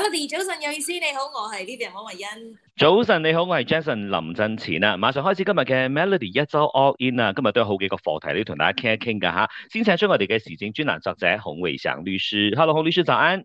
Melody，早晨，有意思，你好，我係呢邊王慧欣。早晨，你好，我係 Jason 林振前啊，馬上開始今日嘅 Melody 一周 All In 啊，今日都有好幾個課題要同大家傾一傾噶吓，先請出我哋嘅時政專欄作者孔維祥律師，Hello，孔律師，早安。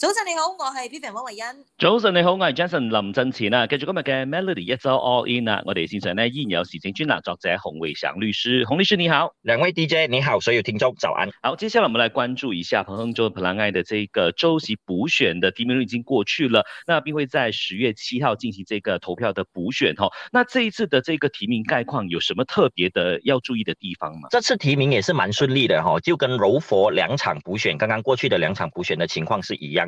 早晨你好，我是 Vivian 汪慧欣。早晨你好，我是 Jason 林振前啊，繼續今日嘅 Melody 一周 All In 啊，我哋線上呢，依有時政專欄作者洪偉祥律師。洪律師你好，兩位 DJ 你好，所有聽眾早安。好，接下來我們來關注一下彭亨州彭蘭愛的這個州席補選的提名已經過去了，那並會在十月七號進行這個投票的補選。哈、哦，那這一次的這個提名概況有什麼特別的要注意的地方嗎？這次提名也是蠻順利的，哈、哦，就跟柔佛兩場補選剛剛過去的兩場補選的情況是一樣。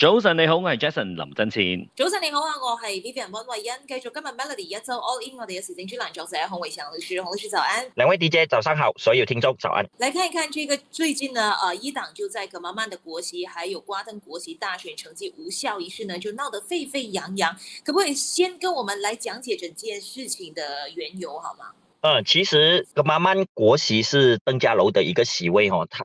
早晨，你好，我係 Jason 林振千。早晨，你好啊，我係 Vivian 溫慧欣。繼續今日 Melody 一周 All In，我哋嘅時政專欄作者洪偉祥律師、洪律師早安。兩位 DJ 早上好，所有聽眾早安。來看一看呢個最近呢，啊、呃，伊黨就在格馬曼的國席，還有瓜登國席大選成績無效一事呢，就鬧得沸沸揚揚。可唔可以先跟我們來講解整件事情的緣由好嗎？嗯、呃，其實格馬曼國席是登嘉樓的一個席位，哈，他。